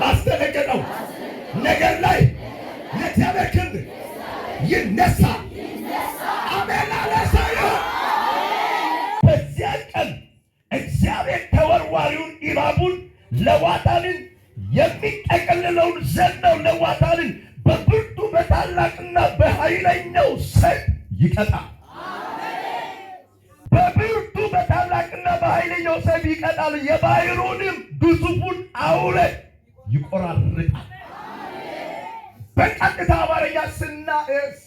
ባስፈራው፣ ነገር ላይ የእግዚአብሔር ክንድ ይነሳ። አሜን አለ ይሆን። በዚያ ቀን እግዚአብሔር ተወርዋሪውን እባቡን ለዋጣንን የሚጠቀልለውን ለዋጣንን በብርቱ በታላቅና በኃይለኛው ሰይፍ ይቀጣል። ይቆራርጣል። በቀጥታ አማርኛ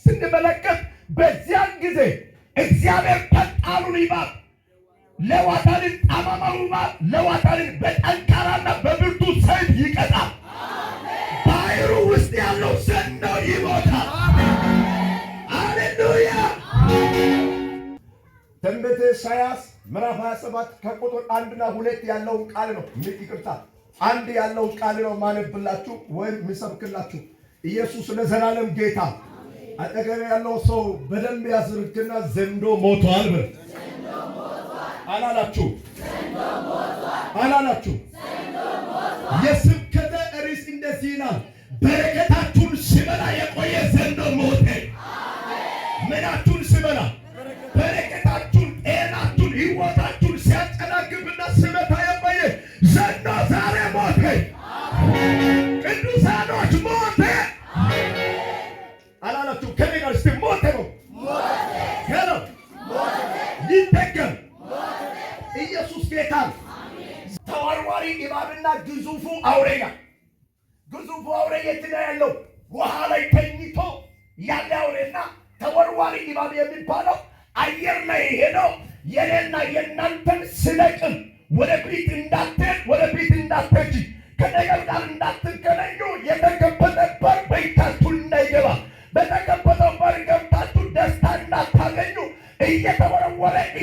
ስንመለከት በዚያን ጊዜ እግዚአብሔር ፈጣኑን እባብ ለዋታልን ጠማማው እባብ ለዋታልን በጠንካራና በብርቱ ሰይፍ ይቀጣል። ባህሩ ውስጥ ያለው ዘንዶ ይሞታል። አሌሉያ። ትንቢተ ኢሳይያስ ምዕራፍ 27 ከቁጥር አንድና ሁለት ያለውን ቃል ነው። ይቅርታ አንድ ያለውን ቃል ነው ማነብላችሁ ወይም የሚሰብክላችሁ። ኢየሱስ ለዘላለም ጌታ። አጠገብ ያለው ሰው በደንብ ያዝርግና ዘንዶ ሞቷል ብለ አላላችሁ አላላችሁ። የስብከተ ርዕስ እንደዚህ ይላል፣ በረከታችሁን ሲበላ የቆየ ዘንዶ ሞተ።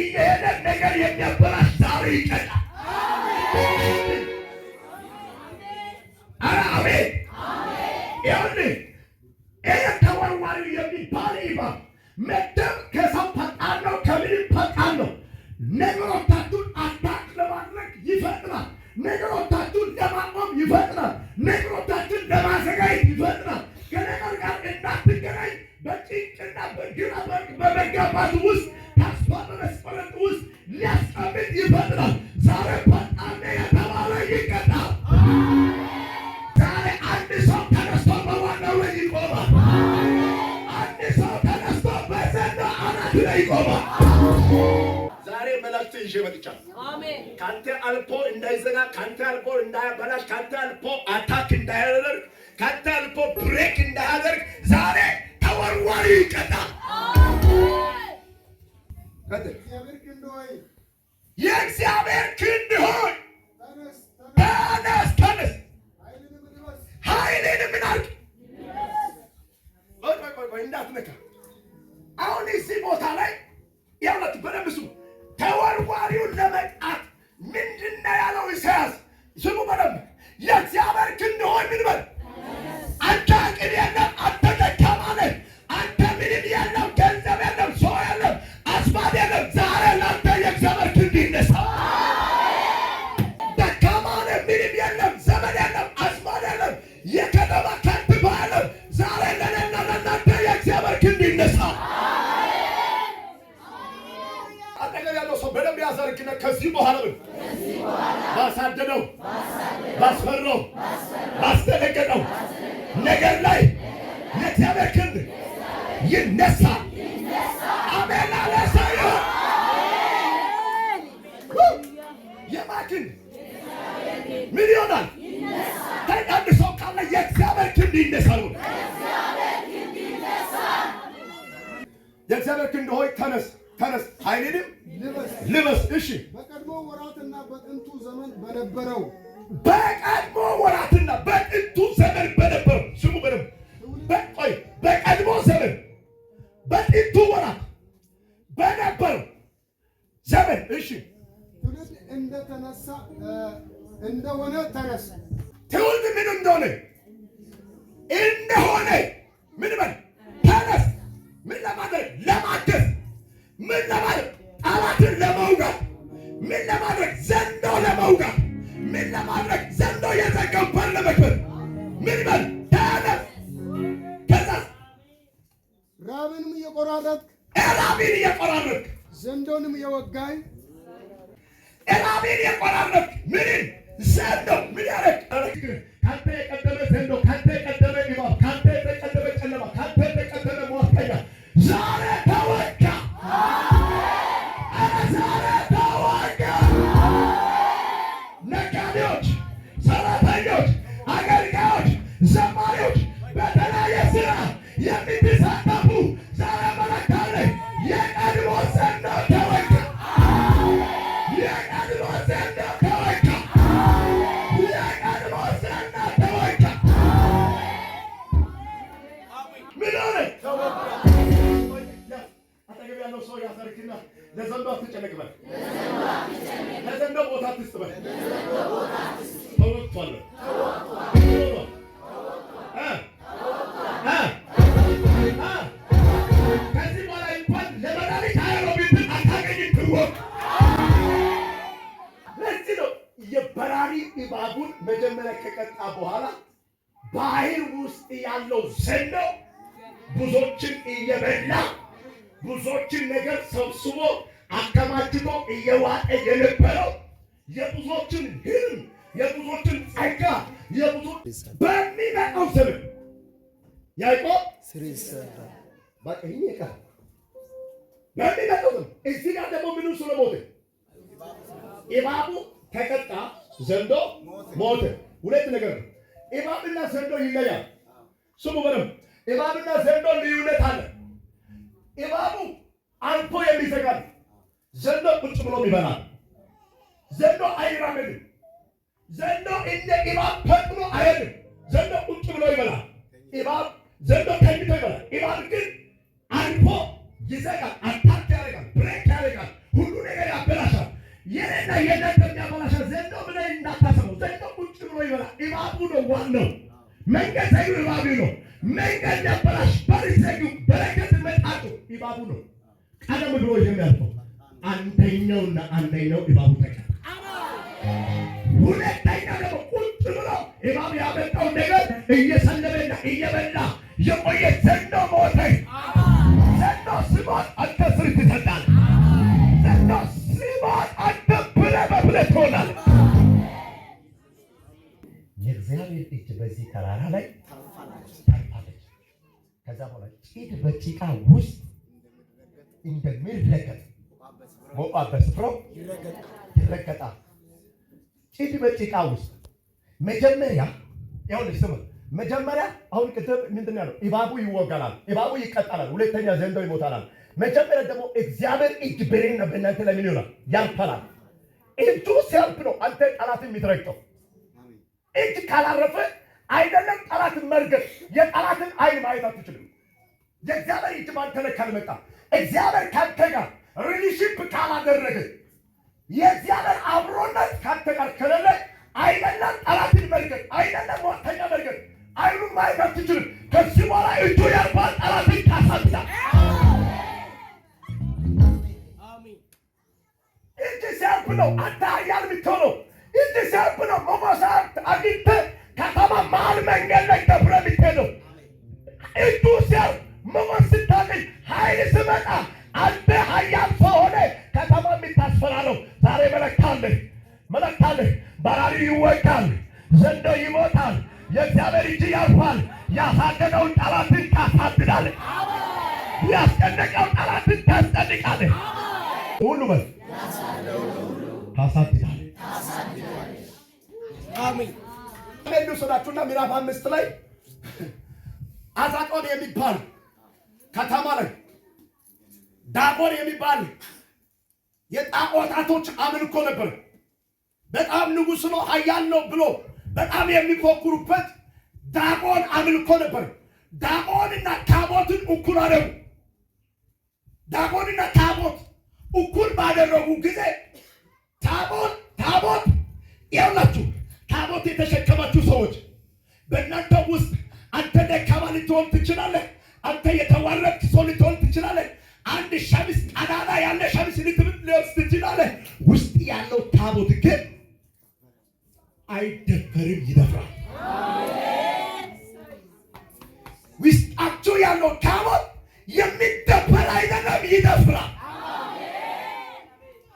እየሄደ ነገር የሚያበላሽ ዛሬ ይቀጣል። ኧረ አሜን። ይኸውልህ ይሄ ተወርዋሪው የሚባል ይባ መደብ ከሰው ፈጣን ነው፣ ከምንም ፈጣን ነው። ነገሮቻችሁን አታክ ለማድረግ ይፈጥናል። ነገሮቻችሁን ለማቆም ይፈጥናል። ነገሮቻችሁን ለማዘጋጀት ይፈጥናል። ከነገር ጋር እንዳትገናኝ በጭንቅና በግራ በመጋባት ውስጥ በመስፈረጥ ውስጥ ሊያስቀምጥ ይፈጥራል። ዛሬ ፈጣን የተባለ ይቀጣል። ዛሬ አንድ ሰው ተነስቶ በዋናው ላይ ይቆማል። አንድ ሰው ተነስቶ አናት ላይ ይቆማል። ይዤ መጥቻለሁ። አልፎ እንዳይዘጋ፣ ካንተ አልፎ እንዳያበላሽ፣ ካንተ አልፎ አታክ እንዳያደርግ፣ ካንተ አልፎ ብሬክ እንዳያደርግ ዛሬ ተወርዋሪ ይቀጣል። የእግዚአብሔር ክንድ የወደድክ እንደሆይ ተነስ ተነስ ኃይልንም ልበስ። እሺ በቀድሞ ወራትና በጥንቱ ዘመን በነበረው በቀድሞ ወራትና በጥንቱ ዘመን በነበረው ስሙ በቀድሞ ዘመን በጥንቱ ወራት በነበረው ዘመን እሺ ትውልድ እንደተነሳ እንደሆነ ተነስ። ትውልድ ምን እንደሆነ እንደሆነ ምን በል ተነስ ምን ለማ ምን ለማለት ጠላትን ለመውጋት ምን ለማድረግ ዘንዶ ለመውጋት ምን ለማድረግ ዘንዶ የተቀባን ለመክበል ምን በል ተያለፍ። ከዛ ራብንም እየቆራረጥክ ራቢን እየቆራረጥክ ዘንዶንም የወጋይ ራቢን የቆራረጥክ ምንን ዘንዶ ምን ያረግ ከአንተ የቀደመ ዘንዶ እባቡን መጀመሪያ ከቀጣ በኋላ ባህር ውስጥ ያለው ዘንዶ ብዙዎችን እየበላ ብዙዎችን ነገር ሰብስቦ አከማችቶ እየዋጠ የነበረው የብዙዎችን ህልም፣ የብዙዎችን ጸጋ፣ የብዙ በሚመጣው ዘመን ያዕቆብ በሚመጣው ዘመን እዚህ ጋር ደግሞ ምንም ስለሞተ እባቡ ተቀጣ። ዘንዶ ሞተ። ሁለት ነገር እባብና ዘንዶ ይለያል። ስሙ በደምብ እባብና ዘንዶ ልዩነት አለ። እባቡ አልፎ የሚዘጋል፣ ዘንዶ ቁጭ ብሎ ይበላል። ዘንዶ አይራመድም። ዘንዶ እንደ እባብ ፈጥኖ አይሄድም። ዘንዶ ቁጭ ብሎ ይበላል። እባብ ዘንዶ ተኝቶ ይበላል። እባብ ግን አልፎ ይዘጋል፣ አታክ ያደርጋል፣ ብሬክ ያደርጋል፣ ሁሉ ነገር ያበላሻል። የኔና የእናንተ የሚያበላሻል ሀሳቡ ነው ዋናው። መንገድ ሰዩ እባቡ ነው። መንገድ ነበራሽ በር ሰዩ በረከት መጣጡ እባቡ ነው። ቀደም ብሎ የሚያልፈው አንደኛውና አንደኛው እባቡ ተቀ ሁለተኛ ደግሞ ቁጭ ብሎ እባቡ ያመጣው ነገር እየሰለበና እየበላ የቆየ የእግዚአብሔር እጅ በዚህ ተራራ ላይ ታልፋለች ከዛ በኋላ ጭድ በጭቃ ውስጥ እንደሚረገጥ ሞቃ በስፍሮ ይረገጣል። ጭድ በጭቃ ውስጥ መጀመሪያ ያሁን ስም መጀመሪያ አሁን ቅድም ምንድን ያለው እባቡ ይወገላል፣ እባቡ ይቀጠላል፣ ሁለተኛ ዘንዶ ይሞታላል። መጀመሪያ ደግሞ እግዚአብሔር እጅ ብሬን ነው በእናንተ ላይ ይሆናል? ያልፈላል። እጁ ሲያልፍ ነው አንተ ጠላት የሚትረግጠው እጅ ካላረፈ አይደለም ጠላትን መርገጥ፣ የጠላትን አይን ማየት አትችልም። የእግዚአብሔር እጅ ባንተ ላይ ካልመጣ፣ እግዚአብሔር ካንተ ጋር ሪሊሽፕ ካላደረገ፣ የእግዚአብሔር አብሮነት ካንተ ጋር ከሌለ አይደለም ጠላትን መርገጥ፣ አይደለም ሟተኛ መርገጥ፣ አይኑን ማየት አትችልም። ከዚህ በኋላ እጁ ያርባል፣ ጠላትን ታሳብዳል። እጅ ሲያርፍ ነው አንተ ኃያል የምትሆነው። እጅ ሲያርፍ ነው መሞሳት አግኝተ ከተማ መሀል መንገድ ላይ ተፍረ ብትሄደው እጁ ሲያው መሆን ስታገኝ ኃይል ስመጣ አንተ ኃያል ከሆነ ከተማ የሚታስፈራለው ዛሬ መለክታለ መለክታለ በራሪ ይወጋል፣ ዘንዶ ይሞታል፣ የእግዚአብሔር እጅ ያልፋል። ያሳደደውን ጠላትን ወደ ልውሰዳችሁና ምዕራፍ አምስት ላይ አዛጦን የሚባል ከተማ ላይ ዳጎን የሚባል የጣዖታቶች አምልኮ ነበር። በጣም ንጉሥ ነው ኃያል ነው ብሎ በጣም የሚፎክሩበት ዳጎን አምልኮ ነበር። ዳጎንና ታቦትን እኩል አደረጉ። ዳጎንና ታቦት እኩል ባደረጉ ጊዜ ታቦት ታቦት ይኸውላችሁ ታቦት የተሸከማችሁ ሰዎች በእናንተ ውስጥ አንተ ደካማ ልትሆን ትችላለህ። አንተ የተዋረድክ ሰው ልትሆን ትችላለህ። አንድ ሸሚዝ ቀዳዳ ያለ ሸሚዝ ልትለብስ ትችላለህ። ውስጥ ያለው ታቦት ግን አይደፈርም፣ ይደፍራል። ውስጣችሁ ያለው ታቦት የሚደፈር አይደለም፣ ይደፍራል።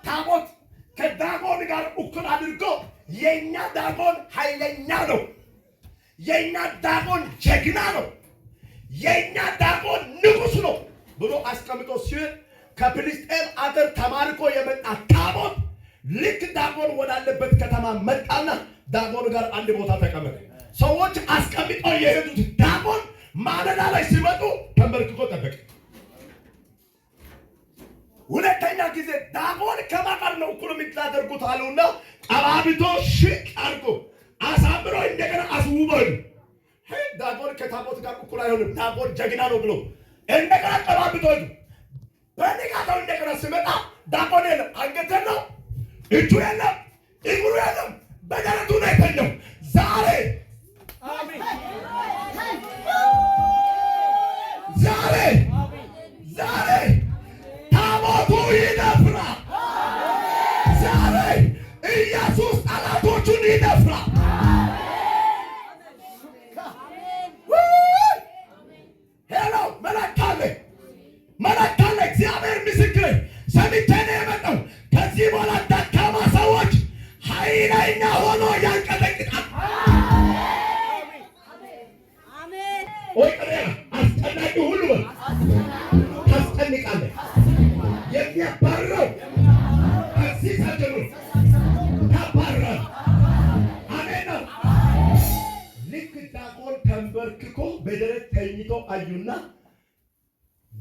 ታቦት ከዳጎን ጋር እኩል አድርጎ የእኛ ዳጎን ኃይለኛ ነው። የእኛ ዳጎን ጀግና ነው። የእኛ ዳጎን ንጉሥ ነው ብሎ አስቀምጦ ሲሆን ከፍልስጤም አገር ተማርኮ የመጣ ታቦት ልክ ዳጎን ወዳለበት ከተማ መጣና ዳጎን ጋር አንድ ቦታ ተቀመጠ። ሰዎች አስቀምጦ የሄዱት ዳጎን ማለዳ ላይ ሲመጡ ተንበርክኮ ጠበቀ። ሁለተኛ ጊዜ ዳቦን ከማቀር ነው እኩል የምታደርጉት አሉና ጠባብቶ ሽቅ አርጎ አሳምሮ እንደገና አስውበሉ። ዳቦን ከታቦት ጋር እኩል አይሆንም። ዳቦን ጀግና ነው ብሎ እንደገና ጠባብቶ በንጋታው እንደገና ሲመጣ ዳቦን የለም፣ አንገት የለም፣ እጁ የለም፣ እግሩ የለም፣ በደረቱ ነው የተኛው። ዛሬ ዛሬ ዛሬ Boy,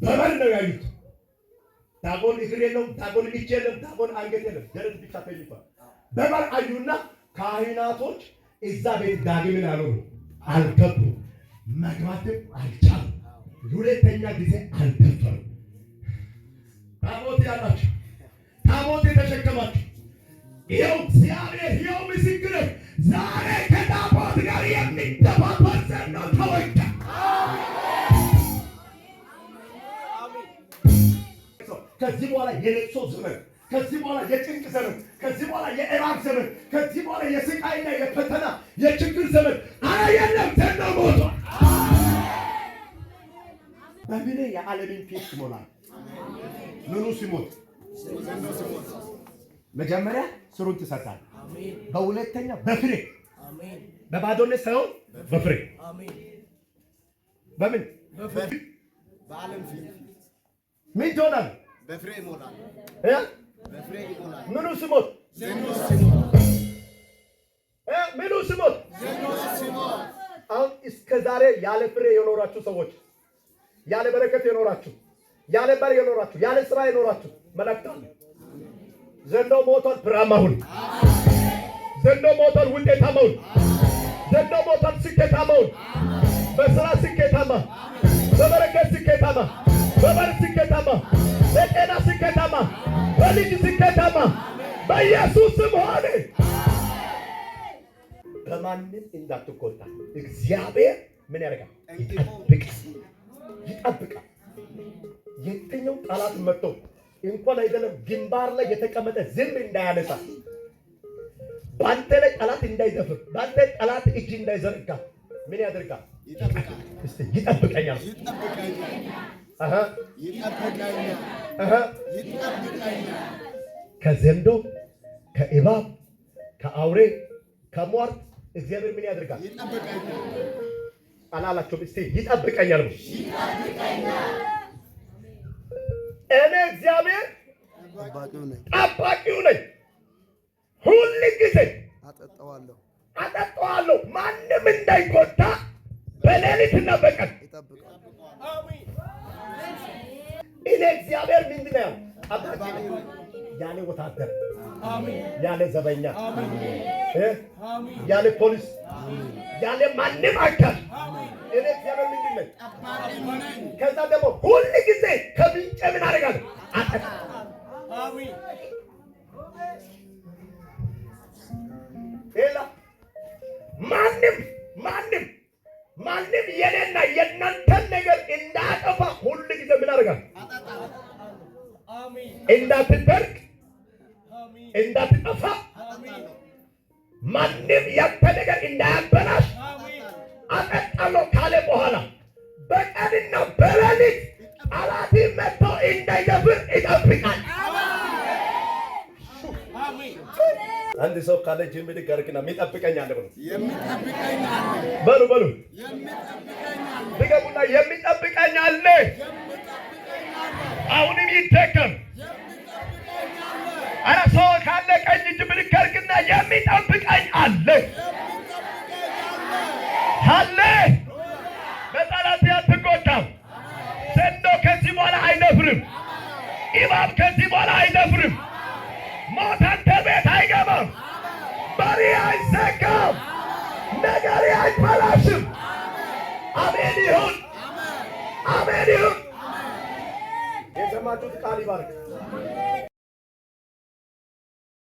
በባል ነው ያዩት። ታቦን እግር የለውም፣ ታቦን እጅ የለም፣ ታቦን አንገት የለም፣ ደረት ብቻ ተኝቷል። በባል አዩና ካህናቶች እዛ ቤት ዳግምን አልሆኑ አልገቡ፣ መግባትም አልቻሉ። ሁለተኛ ጊዜ አልተፈሩ። ታቦት ያላችሁ ታቦት የተሸከማችሁ ይኸው እግዚአብሔር ይኸው ምስክር ዛሬ ከታቦት ጋር የሚገ ከዚህ በኋላ የለቅሶ ዘመን፣ ከዚህ በኋላ የጭንቅ ዘመን፣ ከዚህ በኋላ የእራብ ዘመን፣ ከዚህ በኋላ የስቃይና የፈተና የችግር ዘመን አረ የለም። ተና ሞቶ በምን የዓለምን ፊት ይሞላል? ምኑ ሲሞት መጀመሪያ ስሩን ትሰጣል። በሁለተኛ በፍሬ በባዶነት ሳይሆን በፍሬ በምን በዓለም ፊት ምን ትሆናል? በፍሬ ይሞላል። ምኑ ስሞት? ምኑ ስሞት? አሁን እስከ ዛሬ ያለ ፍሬ የኖራችሁ ሰዎች፣ ያለ በረከት የኖራችሁ፣ ያለ በር የኖራችሁ፣ ያለ ስራ የኖራችሁ መለክታለ ዘንዶ ሞቷል። ፍሬያማ ሁን። ዘንዶ ሞቷል። ውጤታማ ሁን። ዘንዶ ሞቷል። ስኬታማ ሁን። በስራ ስኬታማ፣ በበረከት ስኬታማ በበር ሲከተማ፣ በጤና ሲከተማ፣ በልጅ ሲከተማ በኢየሱስ ስም ሆነ። በማንም እንዳትቆጣ እግዚአብሔር ምን ያደርጋል? ይጠብቃል። የትኛው ጠላት መጥቶ እንኳን አይደለም ግንባር ላይ የተቀመጠ ዝም እንዳያነሳ በአንተ ላይ ጠላት እንዳይዘፍር በአንተ ላይ ጠላት እጅ እንዳይዘረጋ? ምን ያደርጋል? ይጠብቀኛል። ከዘንዶ ከእባብ ከአውሬ ከሟርት እግዚአብሔር ምን ያደርጋል? አላላቸውም። እስቲ ይጠብቀኛል። እኔ እግዚአብሔር ጠባቂው ነኝ፣ ሁል ጊዜ አጠጣዋለሁ አጠጣዋለሁ፣ ማንም እንዳይጎዳ በሌሊትና በቀን እኔ እግዚአብሔር ምንድን ነው ያለ ወታደር ያለ ዘበኛ ያለ ፖሊስ ያለ ማንም አካል እኔ እግዚአብሔር ምንድን ነው። ከዛ ደግሞ ሁል ጊዜ ከብንጨ ምን አደርጋለሁ አጠቃ ሌላ ማንም ማንም ማንም የኔና የእናንተን ነገር እንዳጠፋ ሁል ጊዜ ምን አደርጋለሁ እንዳትደርቅ፣ እንዳትጠፋ ማንም ያንተ ነገር እንዳያበላሽ አጠጣለሁ ካለ በኋላ በቀንና በሌሊት ጠላት መጥቶ እንዳይደፍር ይጠብቃል። አንድ ሰው ካለ ጅምድ ገርግና የሚጠብቀኝ አለ ብሎ በሉ በሉ ድገሙና የሚጠብቀኝ አለ አሁንም ይደገም። አረ ሰው ካለ ቀኝ እጅ ብድግ አድርግና የሚጠብቀኝ አለ አለ። በጠላት አትጎዳም። ዘንዶ ከዚህ በኋላ አይደፍርም። ኢባብ ከዚህ በኋላ አይደፍርም። ሞት አንተ ቤት አይገባም። በሪ አይዘጋም። ነገሪ አይበላሽም። አሜን ይሁን። አሜን ይሁን። मौजूद काली बाग